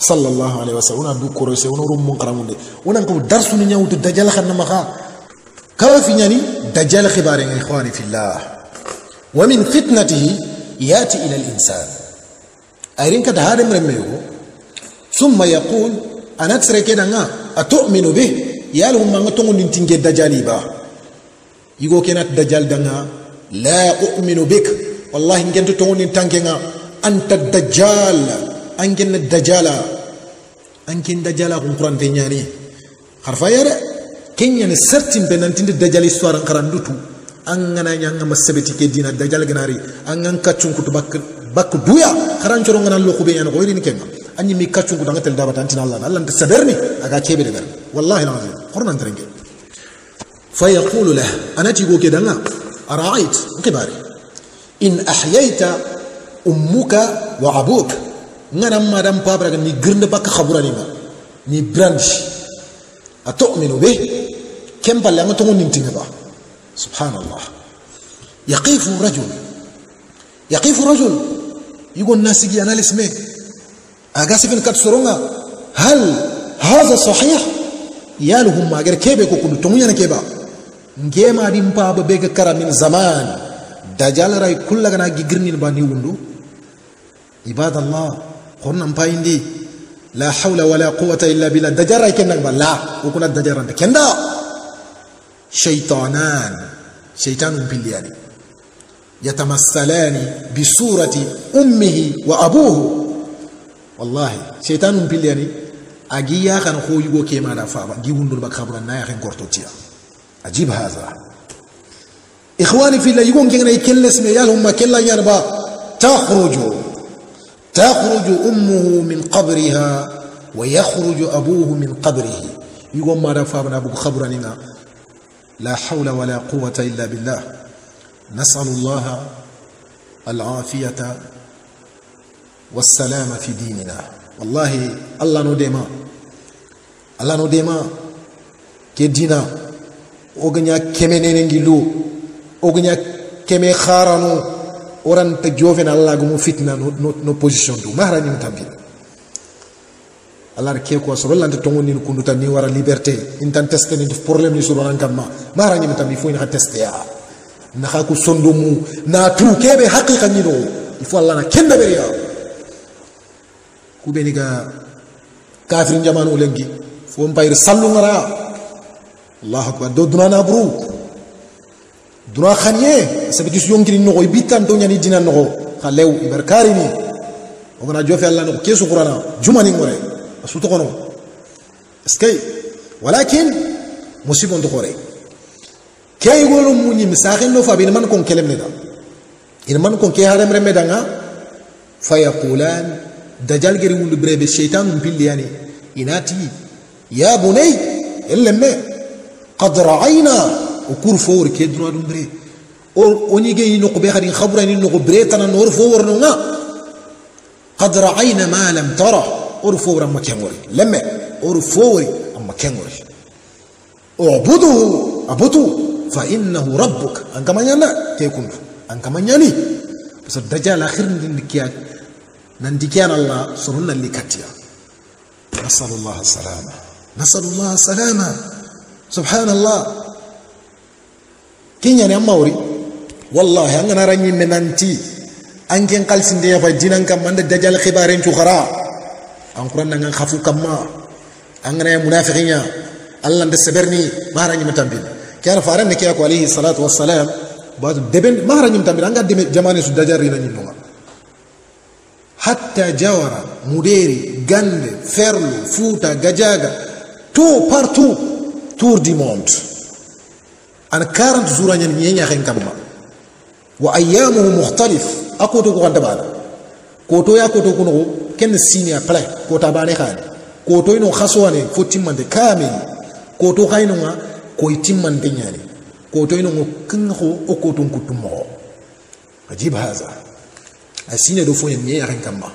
صلى الله عليه وسلم ونا دو كروسي ونا روم مقرامون دي ونا نكو درس ني نياو دي دجال خنا ما كرا في نياني دجال خبار اخواني في الله ومن فتنته ياتي الى الانسان ايرين كد هاد مرميو ثم يقول انا تسري كده نا اتؤمن به يا له ما نتو نينتينغي دجالي با يغو كينات دجال دنا لا اؤمن بك والله نجد تو نينتانغي انت الدجال أنجن الدجالة أنجن الدجالة قم قران في خرفا يارا كن يعني سرتين بنانتين الدجالة سوارا قران دوتو أنجنا يانا مسبتي كي دينا الدجالة غناري أنجن كتشون كتو بك بك دويا خران شرون غنان لوكو بيانا غويري نكيما أني مي كتشون كتو نغتل دابا تانتين الله الله انت سبرني أغا كيبي لغر والله العظيم قرنا انترنجي فيقول له أنا تيقو كدنا أرأيت كباري إن أحييت أمك وأبوك نعم madam pabra ni grinde bak khabura ni ni branch atominu be kemba la ngato ngun tinga ba subhanallah yaqifu rajul yaqifu rajul يقول الناس يجي انا الاسم اغاسي فين كاتسورونغا هل هذا صحيح يا لهم ما غير كيبي كو كنت تومي انا كيبا نجيما دي مبا بيغ كرا من زمان دجال راي كل غنا غيرني باني وندو عباد الله hornan payindi la hawla wala quwwata illa billah dajara kenda ba la ukuna dajara kenda shaytanan shaytanu biliyani yatamassalani bi surati ummihi wa abuhu wallahi shaytanu biliyani agiya kan ko yugo ke mara fa ba gi wundul ba khabran na ya kan gortotiya ajib hadha ikhwani fi la yugo ngena ikelles me yalhum ma kella yarba takhruju تخرج أمه من قبرها ويخرج أبوه من قبره يقول ما رفعنا أبو خبرنا لا حول ولا قوة إلا بالله نسأل الله العافية والسلام في ديننا والله الله نديما الله نديما كدينا أغنيا كمنين ننجلو أغنيا كمي خارنو oran te oranta joovenallaagumu fitna no, no, no position du mahara ñum tambi allah ke ko so lan te tongo ni kunduta ni wara liberté in tan teste ni def problème ni so ran kamma mahara ñum tambi fo ni ha teste ya na ha ko sondo mu na tru kebe haqiqa ni do il faut allah na kenda beriya ku beni ga kafir jamanu lengi fo mbayr sallu ngara allah akbar do dunana bru dura khaniye sabiti su yongiri no goy bitan to nyani dinan no khalew ibarkari ni o gana jofe allah no kesu qur'ana jumani ngore asu to kono skay walakin musibon to khore kay golu munyi misakhin no fa man kon kelem ne da in man kon ke harem rembe danga fayaqulan dajal geri wundu brebe shaytan mpilli yani inati ya bunay illemme qad ra'ayna وكور فور كي درو دون بري او ني جي نوق بي خدي خبر ني نوق بري تانا نور فور نونا قد راينا ما لم ترى اور فور ما كانوري لما اور فور ما كانوري اعبده ابوتو فانه ربك ان كما نانا تيكون ان كما ناني بس درجا الاخر ندي كيا الله سرنا اللي كاتيا نسال الله السلامه نسال الله السلامه سبحان الله kinyani an mawri wallahi angana ganara menanti angen an ken kalsindeya dinan kamma anda dajal tu khara an xurannangan xafu kamma an ganaya ya allah de seberni mahara mutambil tampin ke ara faran ne ke ako alayhi salatu wassalam ba deben mahara ñim tampin anga de jamane su dajal rina ñinnonga hatta jawara muderi gande ferlo futa, gajaga tout partout tour du monde an 40 jours ñen ñe ñaxen kamma wa ayyamuhu mukhtalif akoto ko ganda bana koto ya koto kuno ken sini a pla kota bane khani koto ino khaswane fo timmande kamil koto khayno nga ko timmande nyani koto ino kin ho o koto kutumo ajib haza asine do fo ñe ñaxen kamma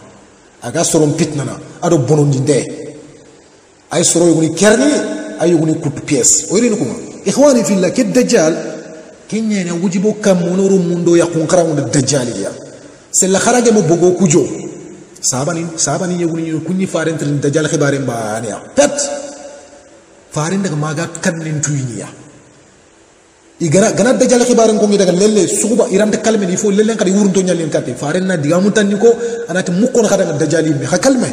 aga sorom pitnana ado bonondinde ay e soro yugni kerni ay yugni kutu pièce o yirino kuma ikhwani fillah ke dajjal kenyene wujibo kammono romundo yakunkarawunda dajjaliya sella harage mo bogo kujo sabani sabani yeguni kunni farentere dajjal hibare mbaniya pet faren daga maga kannen tuyiniya igara gana dajjal hibaren kongi daga lelle suguba iranta kalmen il faut lellen kadi wurunto ñallen katte faren na digamu tanni ko anati mukkono kadanga dajjal yimme ha kalme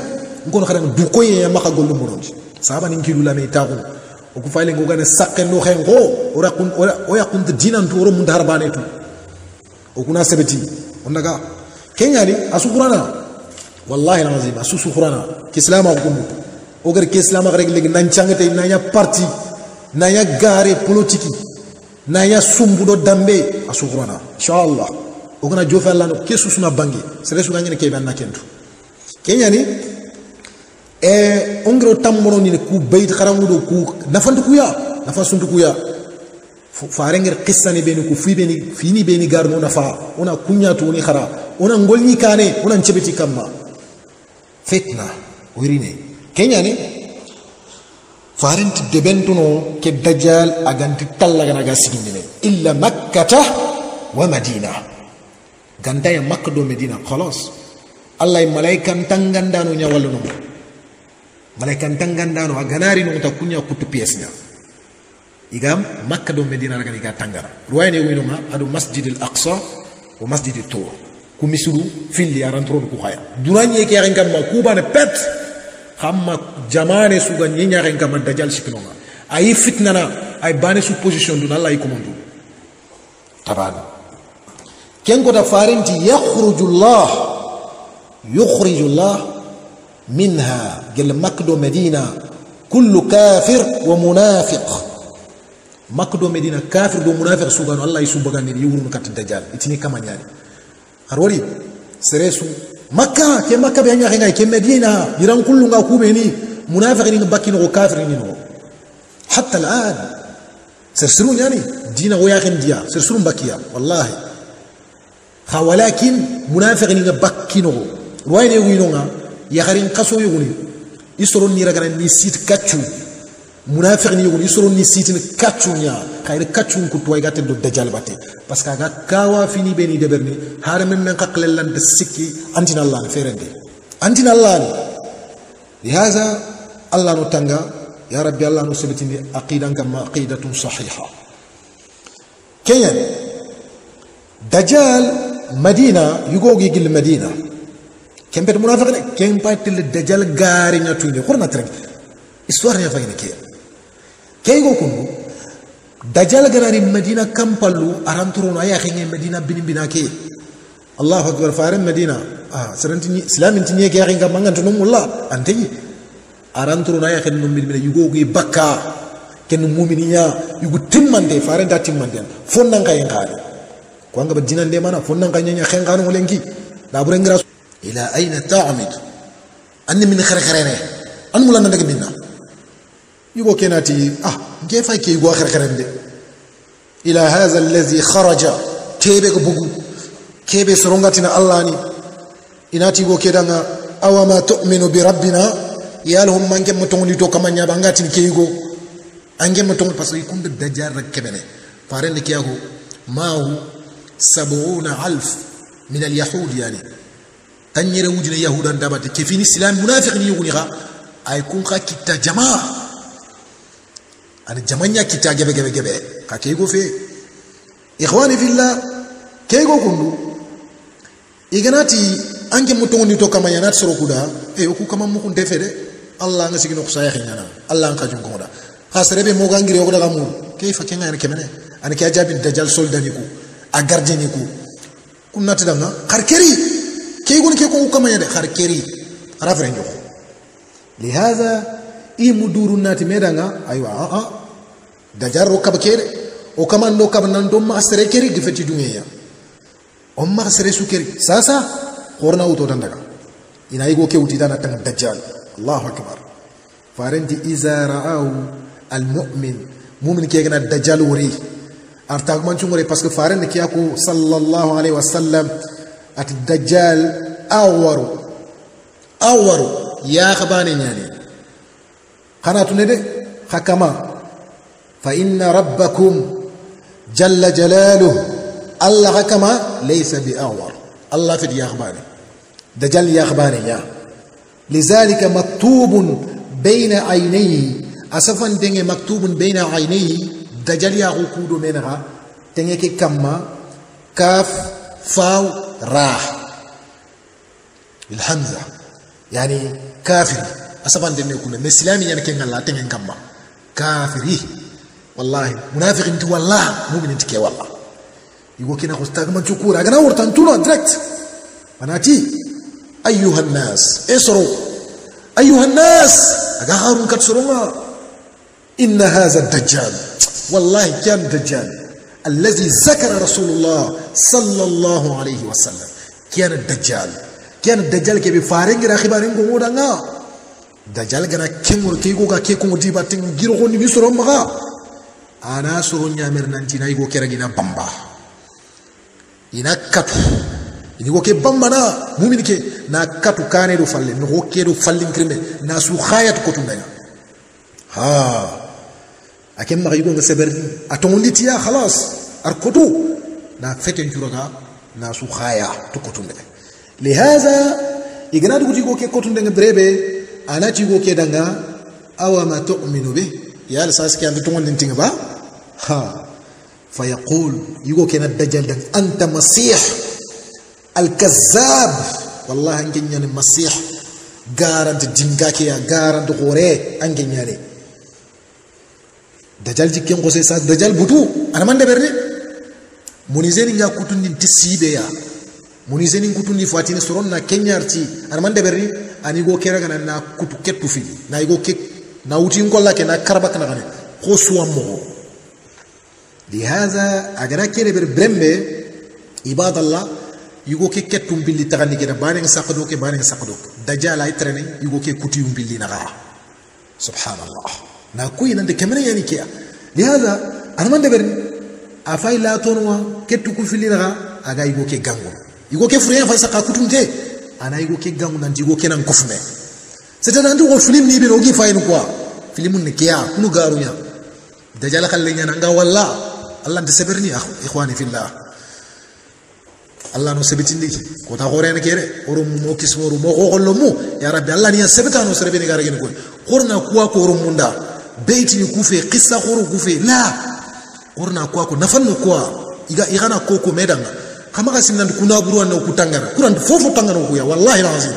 nkono kadanga dukoye yamma ha golle murondi sabani nkilu lame taxunu okufayile ngogane sakkendo hen ngo oya kunta dinantu oro munta harbane tu okuna sebeti ondaga keñani asu qurana wallahi alazim asu su qurana kislama ko mutu ogar kislama rek legi nancangete nanya parti nanya gare politiki nanya sumbudo dambe asu inshallah ogana jofe allah no kesusuna bangi sere su ganyene kebe anna kentu e eh, ongiro tammoronine ku bayit haranguɗo ku nafantukuya nafa suntukuya farenger qissani ɓeni ku fi ɓeni fini ɓeni garno ona fa ona kuñatu oni ona golñi kane onan ceɓeti kamma fetna wirine keñani farenti debentuno ke dajal aganti tallaganaga sigindine illa makkata wa madina gantaya makka do medina halas allah e malaika ntangandano ñawallunomo malaika tangandano aganari ganari kunya kuña kuttu pièce igam makka do medina ragani ga tangara ruwayne ma aɗo masjidil aqsa o masjidi tur ku misiru filli a rantoronu ku haya durañe ke yaxen kamma ne pet xamma jamane suga ñi ñaxen kam dajal siknonga ayi fitnana ay bane su position dun alla yi komondu taban ken kota da farin ti yakhrujullah yukhrijullah منها قال مكدو مدينة كل كافر ومنافق مكدو مدينة كافر ومنافق سبحان الله يسوبغان يقول نكات الدجال اتني كما يعني هرولي سريسو مكة كي مكة بيان يخي كي مدينة يران كل نغا كوميني منافق نغا باكي نغو كافر نغو حتى الآن سرسرون يعني دينا وياخن ديا سرسرون باكيا والله ولكن منافق نغا باكي نغو رواية نغو yagarin kaso yogoni isoron ni ragana ni sit kachu munafiq ni yogoni isoron ni sit ni kachu nya khayre kachu ko toy gatte do dajal batte parce que ga kawa fini beni deberni har men men qaqlal lan de sikki antina allah ferende antina allah lihaza allah no tanga ya rabbi allah no sebetindi aqidan kam aqidatun sahiha kenyan dajjal madina yugo gi gil madina kempet munafiq ne kempet le dajal gari nya tuile khurna trek histoire nya fagina ke kay go kunu dajal gari medina kampalu aranturu na ya khinge medina bin bina ke allah akbar faran medina ah islam inti tinye ke khinga manga tunum mulla antayi arantoro na ya khin num bin yugo gi bakka ken mu'mininya yugo timmande faran da timmande fonnan kayen kare ko nga de mana fonnan kanya nya khenga lenki da rengra إلى أين تعمد أني من خير خيرين أن مولا ندك منا يقول كناتي آه كيف هيك يقول خير خيرين إلى هذا الذي خرج تيبك بوغو كيبي سرونغاتنا الله ني إناتي يقول كدانا أو ما تؤمن بربنا يا لهم يالهم مانك متونلي تو كما نيابا نغاتي كيغو أنجي متونلي بس يكون دجار كبني فارن لكياغو ما هو سبعون ألف من اليهود يعني tan yere wujina yahudan dabate kefini silami munafiqini yuguni xa ay kun xa jama ani jamaña kitta gebe gebe gebe xa keygo fe ixwani filla keygo kundu iganati anke mutongondi to kama yanati soro kuda e oku kama mukunte fe allah nga sigino kusaya xingana allah nga xajun kongoda xa serebe moga ngiri yogo daga muru kenga yana kemene ani ke jabin dajal soldani ku a gardien ku kun natidanga xar كيقول كيقول كم يد خاركيري رافرين جو لهذا إيه مدور الناتي ميدانا أيوة آآ آه، آآ آه. دجار روكب كير وكمان لو كمان ندم ما أسرع كيري دفتش دنيا أم ما أسرع سكيري ساسا خورنا أوتو دندعا إن أيقو كي أوتي دانا تنج دجال الله أكبر فارنتي إذا رأوا المؤمن مؤمن كي يجنا دجال وري أرتاق من شو مري بس كفارن كي أكو صلى الله عليه وسلم ati dajjal awaru awaru ya khabane nyani kana tunede hakama fa inna rabbakum jalla jalaluhu allah hakama laysa bi awar allah fi ya khabane دجل يا خباني يا لذلك مكتوب بين عينيه أسفا دنجي مكتوب بين عينيه دجل يا غكود منها دنجي كما كاف فاو راح الحمزة يعني كافر أسبان دني يكون نسلامي يعني كين الله تين كم كافري إيه؟ والله منافق انت والله مؤمن انت كي والله يقول كنا خستاك من شكورا أنا ورطان تونا دركت مناتي أيها الناس اسروا أيها الناس أقهروا كتسرونا إن هذا الدجال والله كان دجال الذي ذكر رسول الله صلى الله عليه وسلم كان الدجال كان الدجال كي بفارنج راخبان نغو نا دجال غنا كيمور كيغو كا كيكو ديبا باتين غيرو ني بيسرو مغا انا سرو نيامر نانتي نايغو كيرغينا بامبا ina katu ini woke bambana mumin ke na katu kane do falle no woke do fallin kirme na su khayat ko tundaya ha أكيم ما يقول نسبر أتوندي تيا خلاص أركضو نا فتن جرعا نا سخايا تكوتون ده لهذا إذا نادو تيجو كي كوتون ده غدربة أنا تيجو كي دعنا أو ما تؤمنوا به يا لساس كي عندو تون لنتين با ها فيقول يقول كنا دجال دن أنت مسيح الكذاب والله أنجني المسيح غارنت جنكاكي يا غارنت غوري أنجني عليه dajal jikken ko sai sa dajal butu ana mande berde munizeni nya kutundi tisibe ya munizeni kutundi fatini soron na kenyarti ana mande berde ani go kera kana na kutu ketu fi na igo ke na uti ngolla ke na karba kana kana ko suwa mo lihaza agara kere ber brembe ibadallah yugo ke kettum billi tagani gena bane nga sakado ke bane nga sakado dajala ay trene yugo ke kutu yum billi naga subhanallah nakkuy nante kemene yani keya lihaza anaman deberini afay latonowa ke tuku filiraxa aga yigo ke gango yigo ke fureyen fay saqa kutunte ana yigo ke gango nanti yigo kenan kofume c'est nanti wo film ni bene ogi fayini quoi filimu ne keya kunu garuña dajala xalle ñana anga walla allah nte seberni ah, ixwani fillah allah no sebitindi kota xorene ke de oro mo kismoru mo xoxollo ya rabbi allah niya sebetano serebeni garagene koy xorna kuwa ko oro munda ni kufe kisa khoro kufe la korna kwa ko no kwa iga igana koko medanga kama kasi nan kuna buru an kutangara kuran fofo tangara ko ya wallahi lazim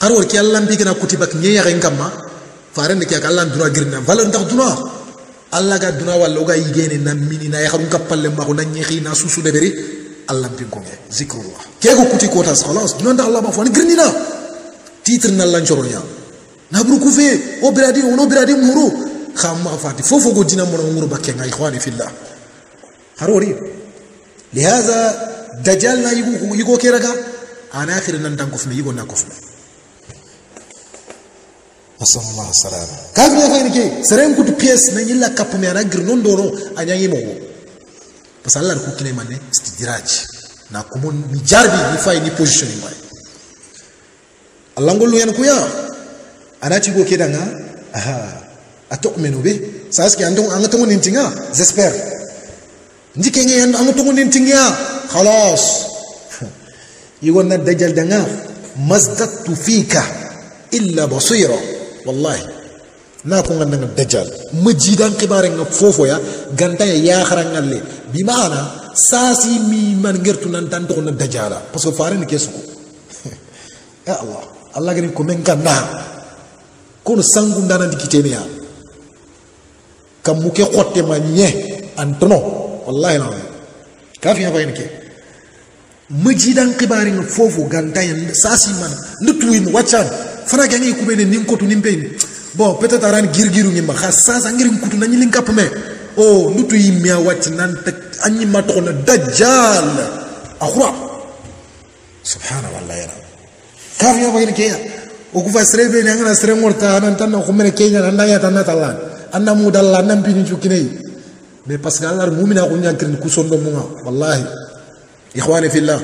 arwar ki allah bi kana kutiba kinye ya ngam ma faran ki allah dura girna valan tax dura allah ga dura walla ga yigene na mini na ya xam kapalle ma ko na ñi na susu de beri allah bi ko zikrullah ke ko kuti ko khalas non allah ma fani girnina titre na lan choronya nabrukuve obiradi ono biradi muru khamma fati fofo go dina mona nguru muru bakenga ikhwani fillah harori lihaza dajjal na yugo yigo keraga ana akhir nan dan kufna yugo na kufna sallallahu alaihi wasallam kafir ya fayni ke serem kutu pies na yilla kap me ana gir non doro anya yimo pasallar ko kine mane stidiraj na kumun mi jarbi ni fay fayni positioning mai Allah ngol yen ko ya anati go nga aha atu'minu bih saski andung anga tungu nintinga j'espère ndi kenge anga tungu nintinga khalas يقول الدجال دنا danga mazdat tufika illa basira wallahi na ko nganda nga dajjal majidan kibare nga fofo ya ganta ya yakhara ngalle bi bimana, sasi mi man ngertu nan tan to dajjala parce que faare ni kesu ya allah allah gari ko men kono sangu kitene ya, kam muke ma nye antono wallahi lawa ya ji dan ke no kibarin ganda gantayen ya sasi man ndutuyin waccan fana ngi kubene nin kotu nin peyin bon peut-être aran girgiru ñima xa sasa ngirin kutu nani lin kap me o ndutu yimmiya anyi ma to na dajjal a xura subhana ka fi kafiya yenke ya okuva srebe ne angana sre ngorta anan tan na khumene kenya na ndaya tan na talan anna mudalla nan pini chukine me allah mu'mina kunya nyan kirin kusondo munga wallahi ikhwani fillah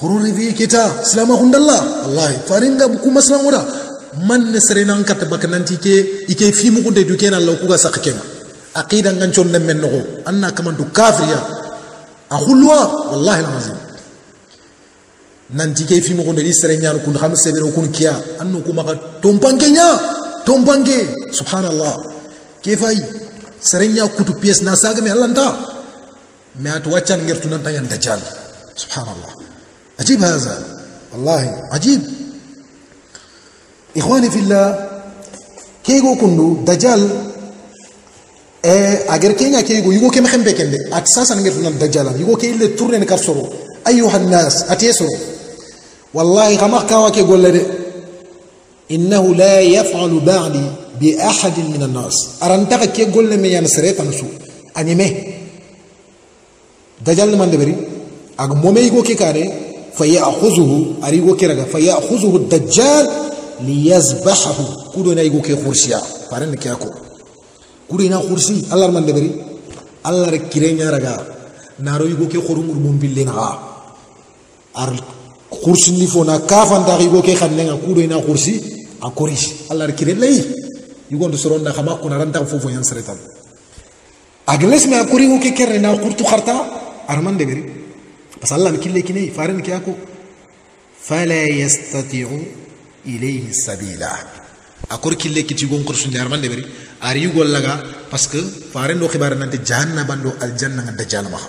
huru rivi kita salama hundalla wallahi faringa buku masna ngora man ne sere nan kat baknanti ke ike fi mu kunde duken allah ku ga aqida ngan chon men no anna du kafriya akhulwa wallahi alazim nanti ke fi mugo ndi sere nyaaru kun xam sebe ro kun kiya annu kuma ka tompange nya tompange subhanallah ke fay sere nya kutu pies na saga me allanta me at waccan ngertu nan tayan dajjal subhanallah ajib haza wallahi ajib ikhwani fillah kego kundu dajjal e agar kenya kego yugo ke me xembe kende at sasa ngertu nan dajjal yugo ke le tourner kar soro أيها الناس atiyesoro والله غمق كواكي قول لدي إنه لا يفعل بعدي بأحد من الناس أرنتك كي قول لمي ينسري يعني تنسو أني مه دجال من دبري أغ مومي كي كاري فيأخذه أريغو رغا فيأخذه الدجال ليذبحه كودو نايغو كي خرسيا فارن كياكو كودو نا خرسي الله من دبري الله ركيرين يا رغا نارو يغو كي خرمور بومبيلين غا ar kursindi fona kafanta igo ke xannenga kudo ina kursi a korige allah kire lay igonto soronda xama kunaranta fofo yan seretan agelesme a korigo ke kerne na kurtu xarta araman deɓeri parce que allah mi kille kinayi faren ke a ko fala yastatiu ilayhi sabila a kor kille kiti igon korsundi araman deɓeri ari yugol laga parce que faren do xibare nante jahannaba do aljanna nga dajjana maxa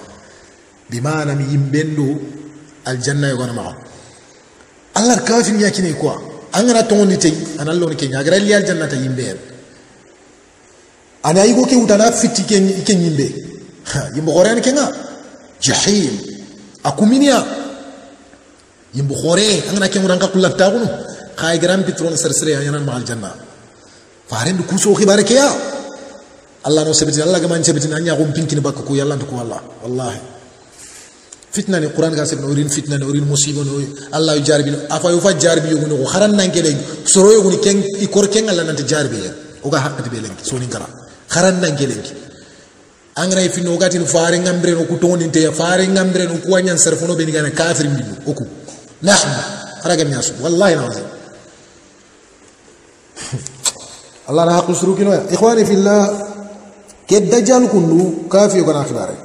yimben do aljanna yogonamaxa allah kafir ya kine quoi an gana tongo ni tay an allah ke nya gara liyal jannata yimbe ana yigo ke utana fiti ke ke yimbe ha yimbo goran ke nga jahim akuminia yimbo gore an gana ke nguran ka kullat tagunu khay gram pitron sarsare yanan ma al janna farendu kuso khibare ke ya allah no sebeti allah gaman sebeti anya gum pinkini bakko yalla ko allah wallahi fitna ni qur'an ga sebe no rin fitna no rin musibo no allah jarbi no afa yu fa jarbi yu no kharan nan ke soro yu ni ken i kor ken allah nan jarbi ya o ga hakati be leng so ni kharan nan ke leng angra e fino gatin faare ngambre no kutoni te faare ngambre no kuwanyan sarfuno be ni gana kafir mi oku nahnu araga mi asu wallahi alazim allah na hakku suru kino ya ikhwani fillah ke dajjal kundu kafiyo kana khibare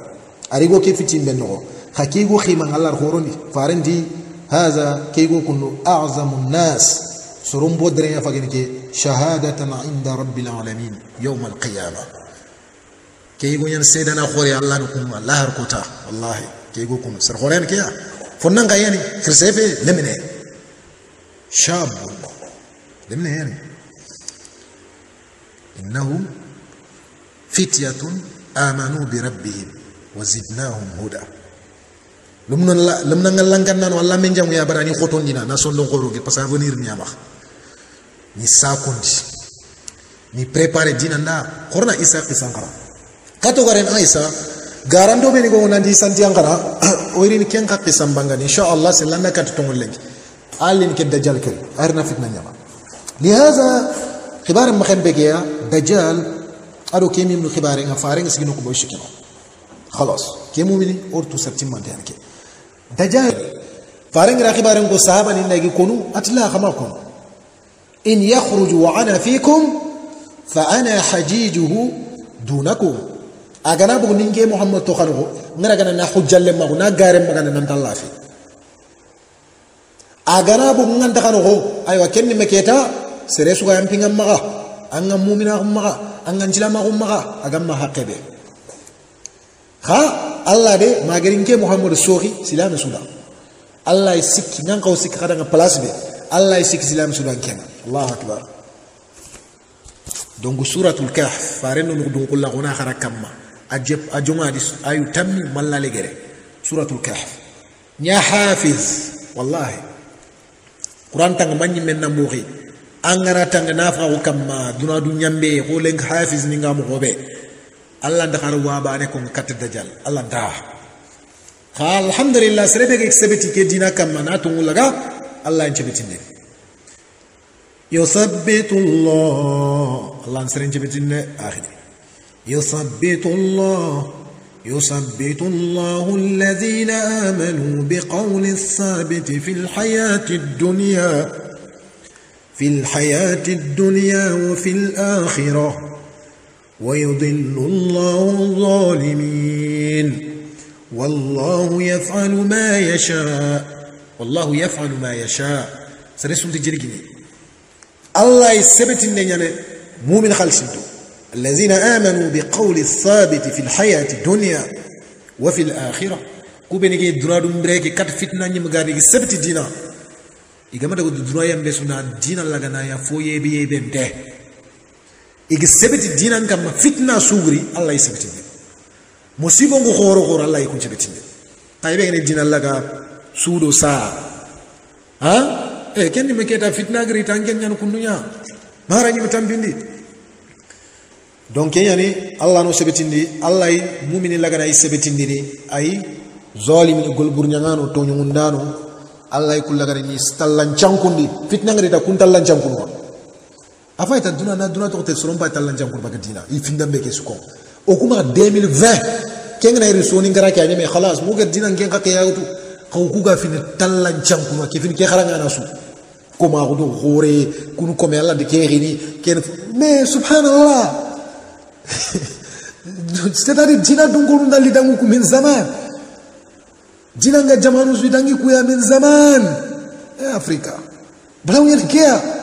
arigo ke fitin ben no hakigo khima الله خوروني farendi هذا كيقول كنو أعظم الناس سرم بودرين فقنك شهادة عند رب العالمين يوم القيامة كيقول ين سيدنا خوري الله نكون الله ركوتا والله كيقول كنو سر خورين كيا فنان قياني خرسيفة لمنه شاب لمنه يعني إنه فتية آمنوا بربهم وزدناهم هدى لم نلقن ولا من جمع يا براني خطون دينا نسون لون قروج بس أفنير نيا مخ نساكوند نبرر دينا نا كورنا إسحاق سانكرا كاتو غارين إسحاق غارندو بيني كونا دي سانتي أنكرا ويرين كيان كاتي سامبانغ إن شاء الله سلنا كاتو تونغ لينج ألين كيد دجال كير أرنا فيت نيا ما لهذا خبر مخن بيجيا دجال أرو كيمي من خبرين أفارين سكينو كبوش كنا خلاص كيمو مني أرتو سبتم مانتي أنكير دجال راكي بارن كو صحابه يجي كونو اتلا خماكم ان يخرج وانا فيكم فانا حجيجه دونكم اغانا بو نينجي محمد توخانو نرا غانا نا حجال ما غنا غارم غانا نانتالا في اغانا بو نانتا خانو ايوا كين مكيتا سريسو غام بينغ ماغا ان مؤمنا مغا ان انجلا اغان ما حقبه ها allah de magarinke mouhamadou soohi silame suuda allah e sikki ñankaw sikki haɗanga place ɓe allah e sikki silame suudan kena allahu akbar donc suratul kahf farenno nugu dunkulla hona hara kamma a jeb a jongadi ayu tammi malla legere suratul kahf ña hafiz wallahi qouran tanga mañi men nambuhi angara tanga nafaku kamma duna du ñambe ho leng hafiz ningamu hoɓe allah dahana waɓane ko kattedda dial allah daa ha alhamdulillah serebe ke sebeti ke dina kamma na tungullaga allah en cebetindeni يثبت الله الله نسرين جبتنا آخر يثبت الله يثبت الله الذين آمنوا بقول الثابت في الحياة الدنيا في الحياة الدنيا وفي الآخرة ويضل الله الظالمين والله يفعل ما يشاء والله يفعل ما يشاء سنسون تجريكي الله يثبت إننا مؤمن خلصدو الذين آمنوا بقول الثابت في الحياة الدنيا وفي الآخرة كوبني كي درادو مبريكي كات فتنة نيم غادي سبت دينا إيغاما دغ دروا يمبسونا دينا لاغانا يا فويبي يبنده igi sebeti dinan kamma fitna sugri allah isebetinde musibo ngu horo horo allah ikun sebetinde taybe ngene dinan laga suudo saa ha e kendi me keta fitna gri tangen nyan kundunya mara nyi tambindi donc yani allah no sebetindi allah mu'mini laga na isebetindi ni ay zalimin gol burnyangano to nyungundano allah ikullaga ni stallan chankundi fitna ngri ta kuntallan chankundi Avant, il afa ita duna na duna tɔgɔ tɛ sɔrɔ n ba italan jan kurba ka dina i findan bɛ kɛ sukɔ o kuma 2020 kɛn kana iri soni kara kɛ a ɲɛmɛ khalas mo ka dina kɛn ka kɛ yagutu kaw ku ka fini talan jan kurba kɛ fini kɛ kara ngana su ko ma ko do hore kun ko un peu de kɛ rini kɛn me subhanallah c'est-à-dire dina dungoru ndali dangu ku min zaman dina nga jamanu su dangi ku ya min zaman e afrika blau yel kea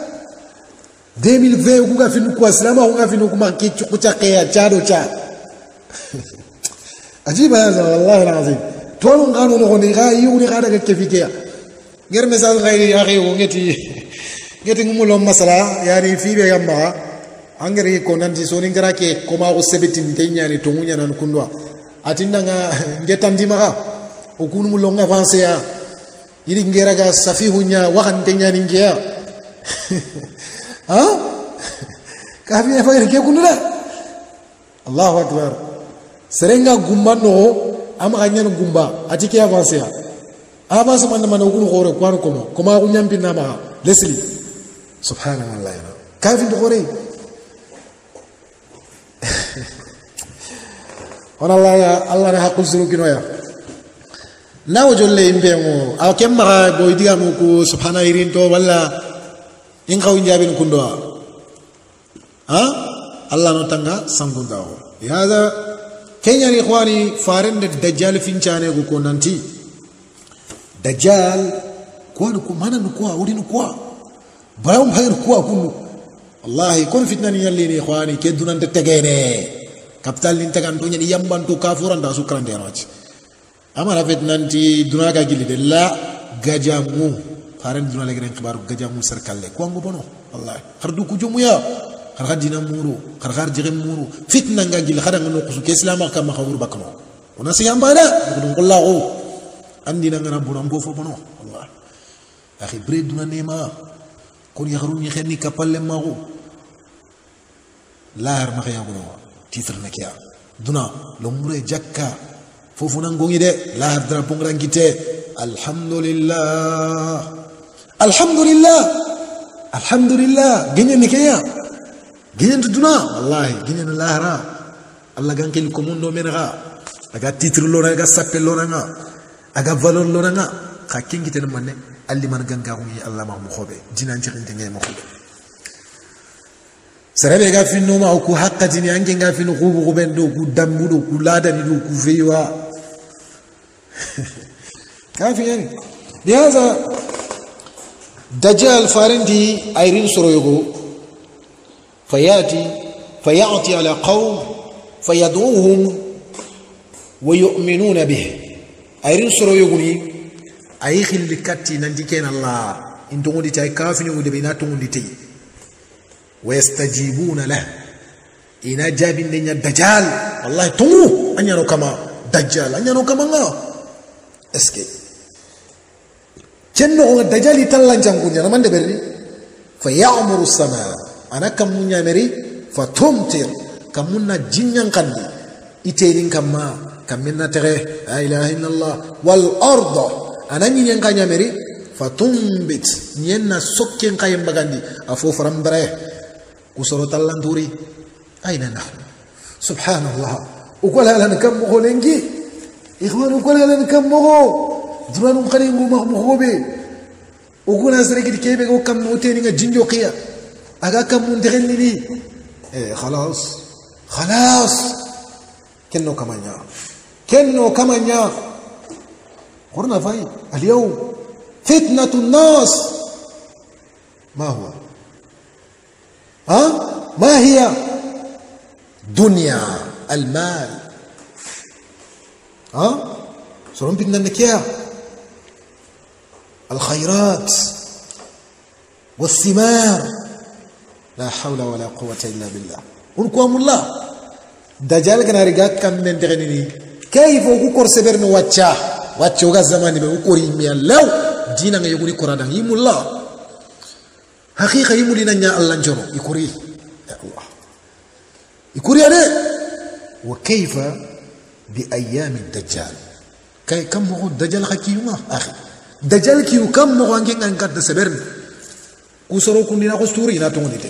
2020 veo kunga finu kwa silama kunga finu kuma kichu kuchakea chado cha ajiba ya za wallahi alazim tuwalu nganu no ni gha yu ni ga daga ngeri mesaz gha gairi ya gayo ngeti ngeti ngumulo masala yani fibe yamma angeri yiko nanti so ngara ke koma ko sebetin tenya ni tungunya nan kundwa atinda nga ngeta ndima ukunu okunu mulonga avance ya ili ngera ga safihunya nya kan tenya ni ngia ha kafiya fa irke kunula allahu akbar serenga gumba no ama ganyan gumba atike avance ya avance man man ukun gore kwano koma koma kunyampi nama lesli subhanallah ya kafi ndo gore ona allah ya allah na hakusuru kinoya nawo jolle imbe mo akemma boydiga muku subhana irinto walla in kaw jaabin kundowa ha allah no tanga sangunda o yada keñani ihwani farende dajjal fincanegu ko nanti dajjal kuwani ku mananu kuwa wurini kuwa barawum hayr kuwa kunnu wallahi kono fitnani yallini ihwani ke dunante tegene kapital nin taganto ñani yambanto kafuranta sukkarandenoaci amana fet nanti dunaka gilli de la gajamu faren duna le gren khibaru gaja mu sarkalle ko ngo bono wallahi har du ku jomuya har har dina muru har har jigem muru fitna nga gil khada ngano kusu ke islam ka ma khawur bakno ona se yambana dum qallahu andina ngana bono mbo fo bono wallahi akhi bre duna nema kon ya haru ni khenni kapalle ma go la ma khaya bono titre na kiya duna lo mure jakka fofu nangongi de la har dra pongran kite alhamdulillah alhamdulillah alhamdulillah ginen ni keya ginen duduna wallahi ginen lahara allah gankeli komun do men ga aga titre lona aga sappe lona nga aga valeur lona nga ka kengitene manne alli man ganga ko yi allah ma mo xobe dinan ci xinte ngay mo xobe sarebe ga finno ma ko haqqati ni ange ga finno ko bu ben do ku dambu do ku lada ni do ku feywa kafi en bihaza دجال فارندي ايرين سرويغو فياتي فيعطي على قوم فيدعوهم ويؤمنون به ايرين سرويغوني اي خلي كاتي الله انتو غودي تاي كافني ودي بيناتو تي ويستجيبون له إن جاب لنا الدجال والله تمو أن ينو كما دجال أن ينو كما اسكي kendo o dajali tallan jam kunya man de berri fa ya'muru samaa ana kam munya meri fa tumtir kamunna kandi iterin kamma ma, minna tare la ilaha illallah wal arda ana nyinyan kanya meri fa tumbit nyenna sokken kayen bagandi afo faram bare kusoro tallan turi aina nahnu subhanallah ukola lan kam mo lengi ikhwan ukola lan kam mo زمان قرين قوم هم هو بي وقول أنا سريك كي بيجو كم نوتين إنك جن جو قيا أجا كم مندخل لي إيه، خلاص خلاص كنوا كمان يا كنو كمان يا قرنا فاي اليوم فتنة الناس ما هو ها ما هي دنيا المال ها سرون بدنا نكيا الخيرات والثمار لا حول ولا قوة إلا بالله ونقوم الله دجالك كان كم من دغنيني كيف وكور سبرن واتشا واتشا وغا الزمان بي وكور يميا لو دينا يقولي قرانا يم الله حقيقة يم لنا الله نجرو يكوري يا الله يكوري أنا وكيف بأيام الدجال كم هو الدجال حكيما أخي dajal ki kam mogo anke ngan katta seberni ku soro kundina ko sturi ina tongondite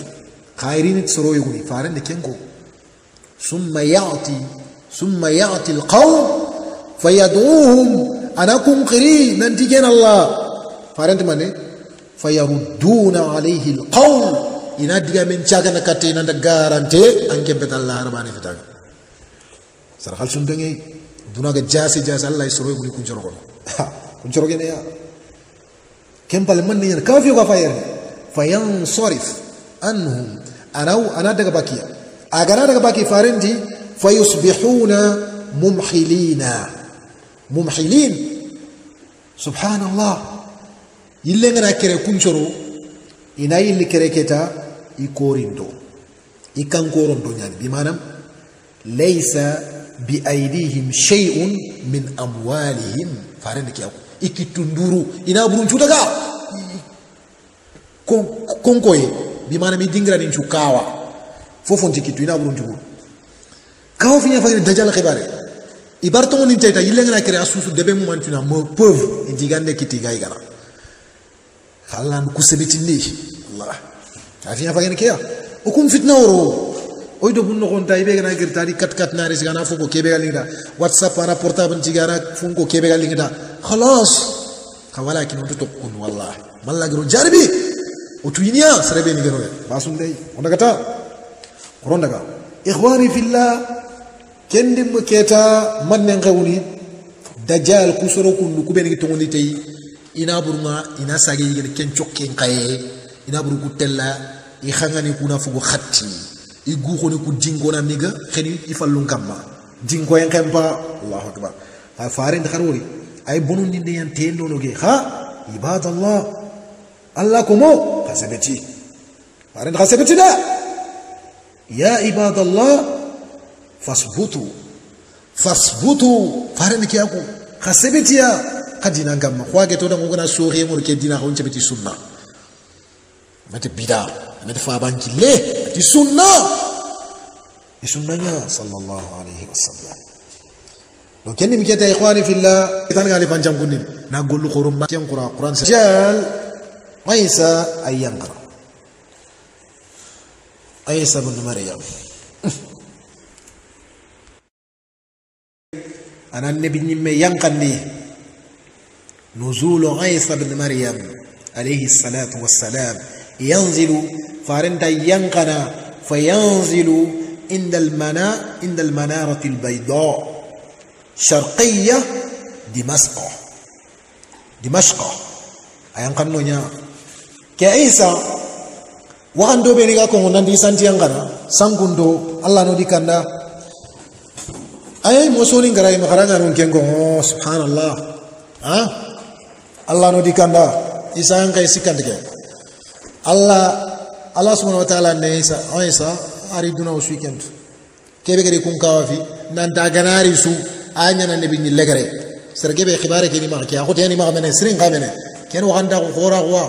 khairini soro yuguni farende kenko summa ya'ti summa ya'ti alqawm fayad'uhum anakum qiri nanti ken allah farende mane fayarudduna alayhi alqawl ina diga men chaga na katte ina da garante anke betalla harbani fitaga sar khal sun dunga ga jase jase allah soro yuguni kun jorogo kun ne ya kempal man ni kan fi ko fayar fayansarif anhum anau ana daga bakiya agana daga baki farinti fayusbihuna mumhilina mumhilin subhanallah yille ngana kere kuncoro ina yille kere keta i korindo i kan korondo ñani bi manam laysa bi aydihim shay'un min amwalihim farindi kiyaku ikitunduru inaburuncudaga konkoye bimana midingirani ncukawa fofonti kitu inaburuncugu kawo fiña fagini dajala xibare ibar tongoni tayta yillengana kere a suusu debe mumantuna mo peuve intigande kitigayi gana xalan ku sebetindi allah a fiña fagini keya okum fitna woro oy do bunno gon tay be gana gir tari kat kat na ris gana kebe galinda whatsapp ana portable tigara gana kebe galinda khalas khawala kin to kun wallah malla giro jarbi otuinia sarebe ni gero basum day onda kata koronda daga ikhwani fillah kendim keta ne ngawuni dajjal kusoro kun ku ben to ngoni tay ina burma ina sagi gel ken chokken kaye ina buru kutella i khangani kuna fugo khatti i guxoni ku jingona miga xeni i fallun kamma jinkoyen xempa allahu akbar a farendi xar wori ay bonundinde yan teyendonoge xa ibadallah allah komo xa sebeti farendi xa sebeti de ya ibadallah fasbutu fasbutu farendi ke aku kasabeti ya, xa dinan kamma xoage to dangogona soxemor ke dina xon sebeti sunna mate bida anatufabanjile ati sunna isunnanya sallallahu alayhi wasallam لو كان مكيتا إخواني في الله كتان قال فانجام قنين نقول له قرآن ما ينقرأ قرآن سجال عيسى أن ينقرأ عيسى بن مريم أنا النبي نمي ينقني نزول عيسى بن مريم عليه الصلاة والسلام ينزل farinta yankana fa yanzilu indal mana indal manaratil baydo syarqiyya dimasqo dimasqo ayang kanunya ke isa wa ando be ga ko nandi santi yankana sangundo allah no dikanda ayay mosoni ngarai magaranga run kengo oh, subhanallah Ah, allah no dikanda isa kaisikan sikandike allah allah subhanahu wa taala ne isa on isa ari duna o suikentu kebe gari kun kawa fi nanta ganari su anyana ne bin legare sir gebe khibare ke ni ma ke akoti ni ma mene sirin ga mene ken wa handa ko khora wa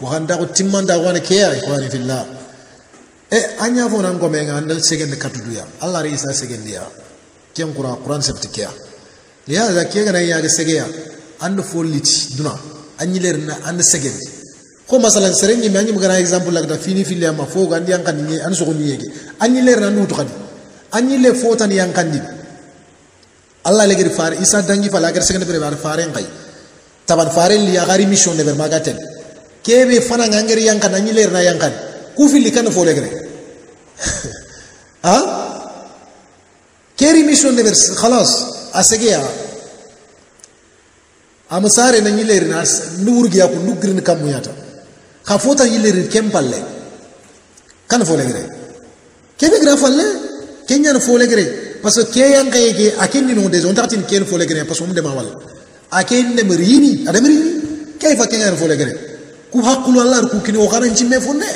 wa handa ko timmanda wa ne ke ay ko ni fillah e anya fo nan go me ga andal segen de katuduya allah ri isa segen dia ken qur'an qur'an septikia liya zakiya ga na ya ga segeya andu foliti duna anyilerna andu segeni ko masalan sereng ñeme añim e gana exemple lagata fini e e fille ama fo gandi yankandi ñe an sogoni yege añi le rana nutu kadi añi le fotan yankandi allah legeri fare isa dangi fala agar segende bere bar fare ngay taban fare li agari mission de maga tel kebe fana ngangeri yankandi añi le rana yankandi ku fili kan fo legere ha keri mission de ber khalas asegeya ama na ñi le rana nurgiya ko nugrin kamuyata kafota fota yillerir ken palle kan folegere kebe gira falle kenyan folegere parce que keyan kaye ke aken nino des on tatin ken folegere parce que on dema wal aken dem rini kay fa kenyan folegere ku haqqulu allah ku kini o garan cimme fonne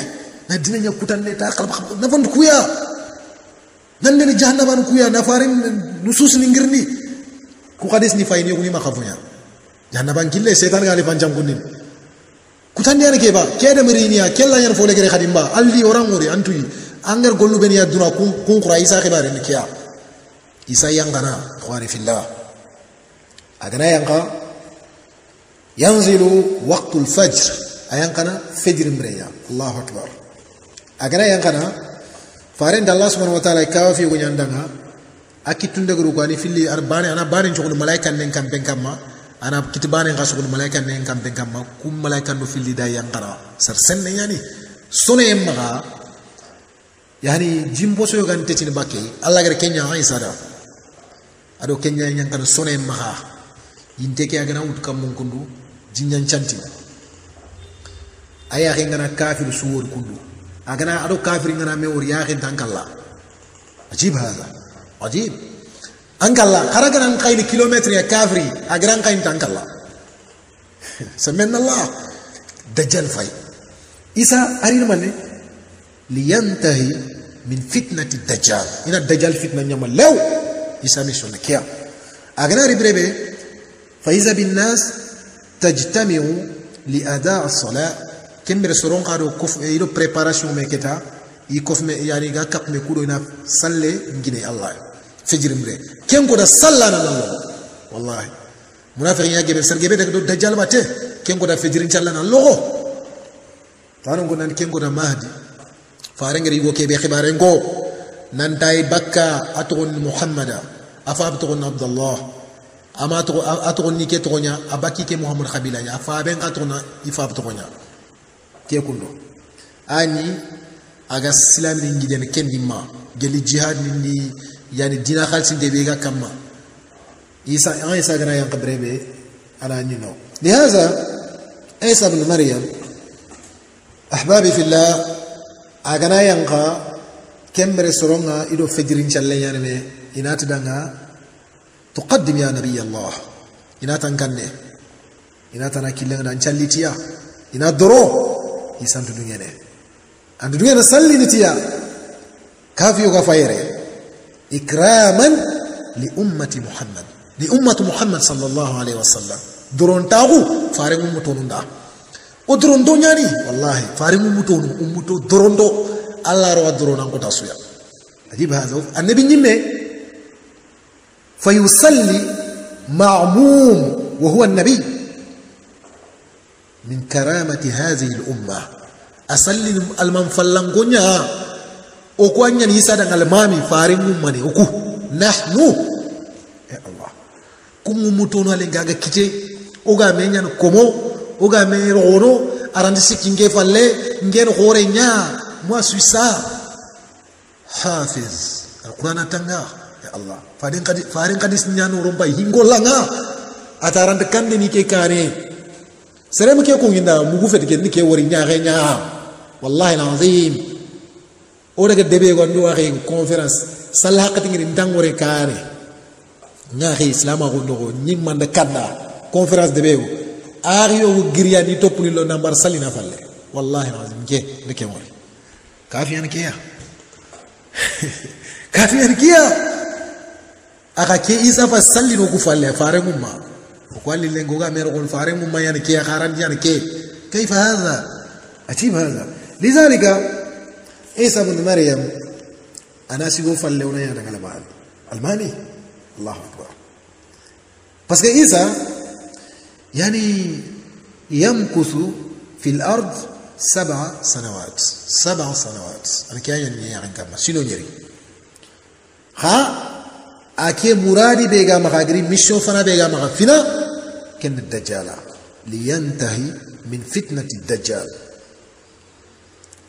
na dinanya kutanne ta qalb na fond kuya nan den jahannaban kuya na farin nusus ni ngirni ku hadis ni fayni yogni ma khafunya jahannaban kille setan gali pancam kunin kutandi yana keba kede mirinia kella yana fole kere khadimba alli orangori antui anger gollu ben ya duna kun kun kura isa khibare rin kia isa yangana khwari fillah agana yang zilu waqtul fajr kana fajr mreya allahu akbar agana kana faren da allah wata lai ta'ala fi wunyandanga akitunde guru kwani filli arbani ana bani chokulu malaikan nen kampen kama ana kitibane ga sugun malaika ne ngam be ngam kum malaika do fili da yang qara sar sen ya ne yani sone maga yani jimbo so yogan te tin bakke allah gar kenya ay sada ado kenya yang kan sone maga inte ke agana ut kam mun kundu jinyan chanti aya ke ngana kafir suwor kundu agana ado kafir ngana me wor ya ke tankalla ajib hada ajib ankalla khara ganan khayni kilometre يا كافري agaran khayni الله سمينا الله دجال فاي إسا أرينا مالي لينتهي من فتنة الدجال إن الدجال فتنة نعم لو إسا ميسون كيا أغنى ربريبي فإذا بالناس تجتمع لأداء الصلاة كم رسولون قالوا كف إلو بريباراسيون ميكيتا يكف يعني غا كاب ميكولو إنا صلي نجيني الله فجر مري ken goda salla na lalla wallahi munafiqin ya gebe sargebe daga do dajjal ma te ken goda fijirin challa na logo tanon go nan ken goda mahdi faren gari go kebe khibaren go nan tay bakka atun muhammada afa atun abdullah ama atun ni ke tonya abaki ke muhammad khabila ya afa ben atuna ifa tonya ke kundo ani aga silamin gidan kendi ma geli jihad ni يعني دينا خالص دي بيغا كما عيسى ان عيسى غنا يان قبربي على اني نو لهذا عيسى بن مريم احبابي في الله اغنا يانغا كم رسولنا يدو فجرين شلين يعني ان ينات دانا تقدم يا نبي الله ينات انكن ان انا كيلنا ان شليتيا ينات درو يسان دنيا نه ان دنيا نسلي نتيا كافيو غفايره إكراما لأمة محمد لأمة محمد صلى الله عليه وسلم درون تاغو فارغ متونون دا ودرون دونياني والله فارغ متونون أمتو درون دو الله روى درون أنكو تاسويا عجيب هذا النبي نيمي فيصلي معموم وهو النبي من كرامة هذه الأمة أصلي المنفلنقونيا oku ni isa dan mami farin mani oku nahnu ya allah kumu mutono ale kite oga menyan komo oga me rono arandi sikinge falle ngeno hore nya mwasuisa hafiz alqur'ana tanga ya allah farin kadi farin kadi hingo langa atarande kande ni ke serem ke mugu fetike ni ke wori nya nya wallahi orege debe go ndo wa gen conference sal hakati ngir ndangore kaane nga xi islam go ndo ni manda kadda conference debe go ari yo giriya ni topuli lo nambar salina falle wallahi azim ke de ke wori yaani kafiyan kiya kafiyan kiya aka ke isa fa sallino ku falle fare mumma ko alli lengo ga mero kon fare mumma yan kiya kharan yan ke kayfa hadha ajib hadha lidhalika عيسى بن مريم انا سيقول فلونا يا رجل بعد ألماني الله أكبر بس عيسى يعني يمكث في الأرض سبع سنوات سبع سنوات أنا كي يعني يعني كم شنو يري ها أكيد مرادي بيجا مخاجري مشوا فنا بيجا مخفنا كن الدجال لينتهي من فتنة الدجال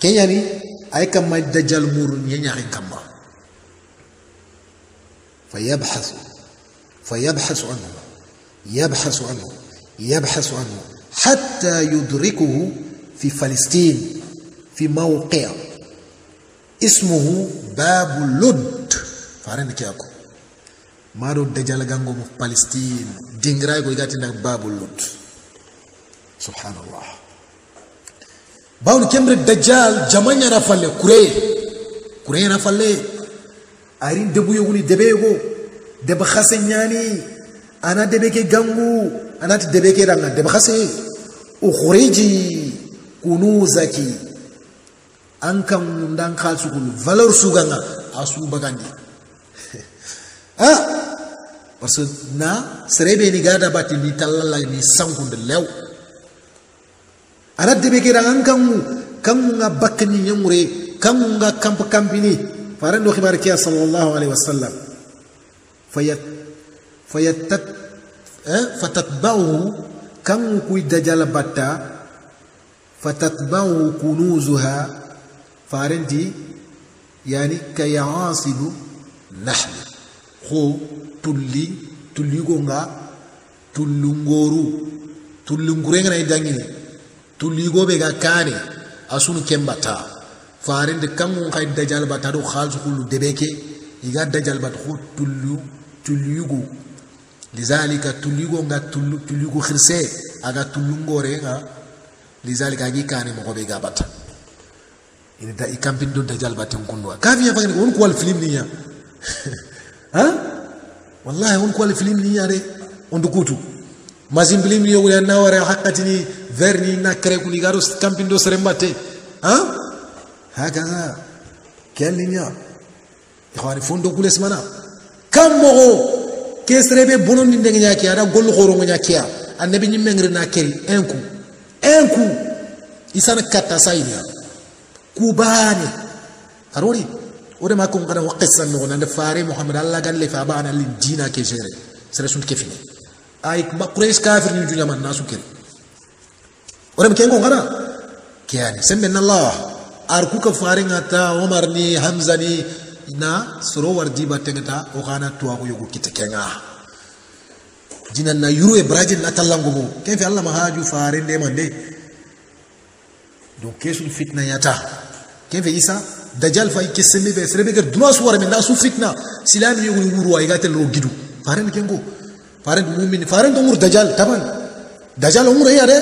كي يعني ay kam may dajjal murun ya ñaxin kam ma fa yabxasu fa yabxasu anhu yabxasu anhu yabxasu anhu xatta yudrikuhu fi falistin fi mawqia ismuhu babu lud farani ke ako maɗo dajal gango mo palestine dingirago igatinda babu lud subhanallah bawni kemre dajjal jamanya na falle kure kure na falle arin debu yoguni debe go deba khase nyani ana debe ke gangu ana ti debe ke ranga deba khase ukhriji kunuzaki an kan dan khalsu kun valeur suganga asu bagandi ha ah! parce na serebe ni gada bati ni tallala ni sangunde lew ara debe ke rangan kangu kangu nga bakkani nyamure kangu nga kamp kampini faran do khibar kiya sallallahu alaihi wasallam fayat tat eh fatatba'u kangu ku dajala batta fatatba'u kunuzuha di yani kayasibu nahl khu tulli tulli gonga tullungoru tullungurengana idangini tulligo be ga kane asunu ken batta farinde kangun hay dajal batta do khalsu kullu debeke iga dajal bat khu tullu tulligo lizalika tulligo nga tullu tulligo khirse aga tullungore nga lizalika agi kane mo be ga batta ina da ikampin do dajal batten kundwa kafi ya fagin won ko wal film niya ha wallahi won ko wal film niya de on dukutu mazin bilim yo ya na wara hakatini verni na kare kuni garo kampindo serembate ha hakaza kellinya ikhwani fondo kule simana kam mogo kesrebe bonondi ndenge nyaki ada gol khoro ngonya kiya annabi nyimengri na keri enku enku isana katta sayya kubani arori ore ma kun kana wa qissa no na fare muhammad allah galle fa bana lin dina ke jere sere sun kefini ay quraish kafir ni junya nasu kere ore mkengo ngana kiani semmen allah ar kuka faringa ta omar ni hamza ni na sorowar jiba tengata o kana to ko yugo kitekenga jinan na yuru e brajin na tallango mo ken fi allah mahaju farin de mande donc kesul fitna yata ken fi isa dajal fa ikisimi be serebe ger dunas war min nasu fitna silami yugo yugo ruwa igatel ro gidu farin kengo فارن مؤمن فارن تمر دجال طبعا دجال عمر هي ada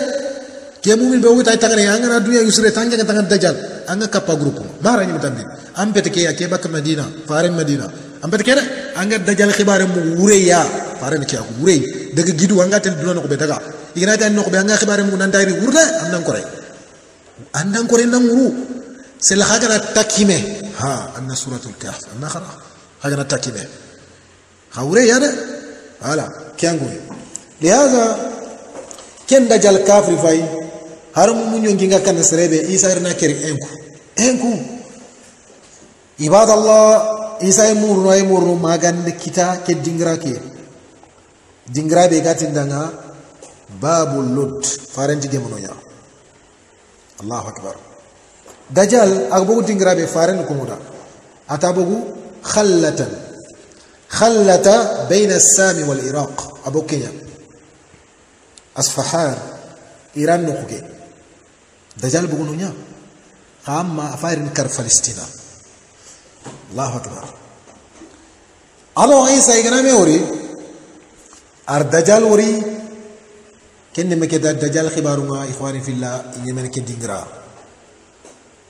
ke mumin be wita tangare anga na dunya yusre tanga ka tangan dajal anga kappa grupo mara ni mutambi ampe te ke ya ke bak medina faren medina ampe te ke anga dajal khibare mu wure ya faren ke aku wure daga gidu anga ten dunon ko be daga igna tan no ko be anga khibare mu nan dayri wurda andan kore andan kore nan wuru sel khagara takime ha anna suratul kahf anna khara khagara takime khawure ya da hala kiyangu lihaza ken dajal kafri fay har mu munyo nginga kan serebe isa irna keri enku enku ibadallah isa e murno e magan kita ke dingra ke dingra be gati danga babu lut faranti gemono ya allah akbar dajal agbo dingra be faran muda atabogu khallatan خلت بين السام والعراق أبو كيا أصفحان إيران نقوكي دجال بغنونيا قام أفاير نكر فلسطين الله أكبر ألو أي إيقنامي ميوري أر دجال وري كن ما كده دجال خبارنا إخواني في الله يمن كدنجرا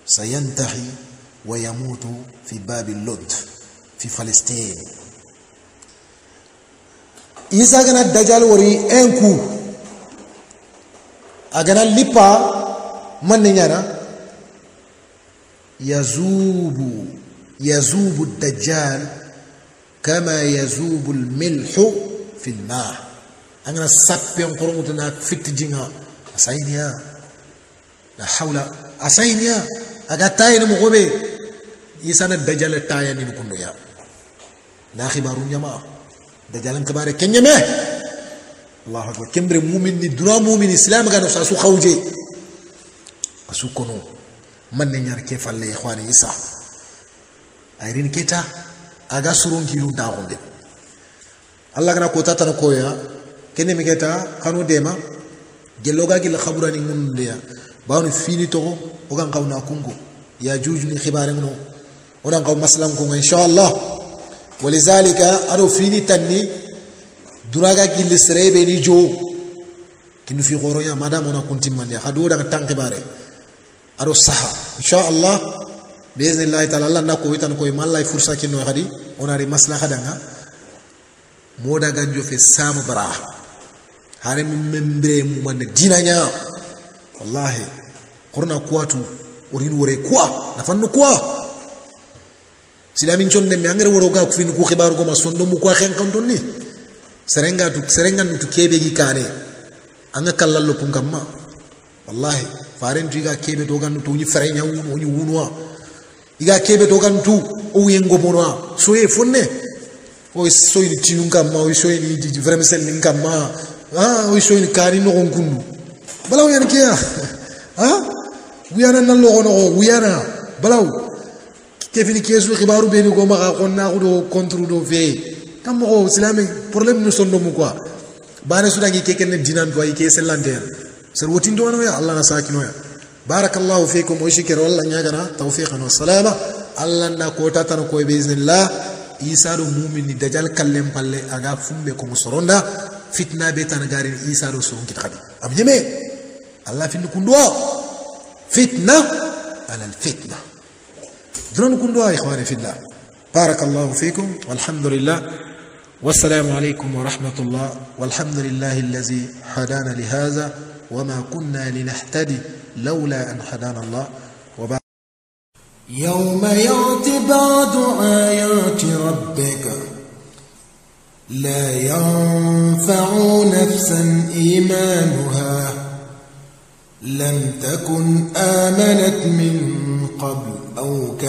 سينتهي ويموت في باب اللد في فلسطين إيسا غنا دجال وري إنكو أغنى لبا من نينا يزوب يزوب الدجال كما يزوب الملح في الماء انا سابيون قرومتنا فت جنها أسعيني يا لا حول أسعيني يا أغا تاين مغوبي إيسا ندجال تاين نكون يا لا خبارون يا ما دجالن كبار كنيمه الله اكبر كمبر مؤمن درا مؤمن اسلام غا نفس اسو خوجي اسو كنو من نيار كيف الله اخواني يسا ايرين كيتا اغا سرون كيلو داغون دي الله غنا كوتا تن كويا كني ميكتا كانو ديما جلوغا كي لخبراني من ديا باون فيني تو وغان قونا كونغو يا جوج من خبارنو وران قوم مسلم كونغو ان شاء الله ولذلك أرو فيني تاني دراجا كيل سري بني جو كنو في غوريا مادام أنا كنت مالي خدورا تانك باري أرو صحة إن شاء الله بإذن الله تعالى الله نكوي تنكوي ما الله فرصة كنو غادي وناري مسلا خدنا مودا غانجو في سام برا هاري ممبري من دينا نيا والله قرنا كواتو ورين وري كوا نفن كوا silamin chonde mi angere woro ga kufin ku khibar ko masondo mu ko khen kan tonni serenga tu serenga tu kebe gi kare anga kallallo pun kamma wallahi faren tu ga kebe to gan tu ni fere nya wunu ni wunwa iga kebe to gan tu o yengo bonwa so e fonne o so ti tiyun ma o so ni di vraiment sel ni kamma ha o so ni kari no gon kundu balaw yan kiya ha wiyana nan lo gono wiyana balaw kefini kesu xibaru beni go maxa xonna xudo contre do feye kam moxo silame problème nu sondomu quoi bane sudangi ke kenne dinan quoi ike sellanteyan ser wotindowanoya allah na sakinoya barakallahu fikum oy sikere walla ñagana tawfiqan wasalama allah na kotatana koye bisnillah isa ɗo mumini dajal kallen palle aga fumɓe komo soronda fitna be tana garin isa ɗo soronkit xadi am ñeme allah finni kunduwa fitna alal fitna دون دعاء إخواني في الله بارك الله فيكم والحمد لله والسلام عليكم ورحمة الله والحمد لله الذي هدانا لهذا وما كنا لنهتدي لولا أن هدانا الله وبعد يوم يأتي بعض آيات ربك لا ينفع نفسا إيمانها لم تكن آمنت من قبل أو كسر